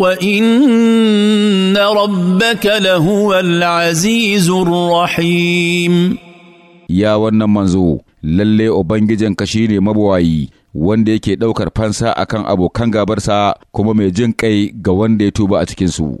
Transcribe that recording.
وان ربك لهو العزيز الرحيم يا wannan manzo lalle ubangijinka shine mabawayi wanda yake ɗaukar fansa akan abokan gabarsa kuma mai jin kai ga wanda ya tuba a cikinsu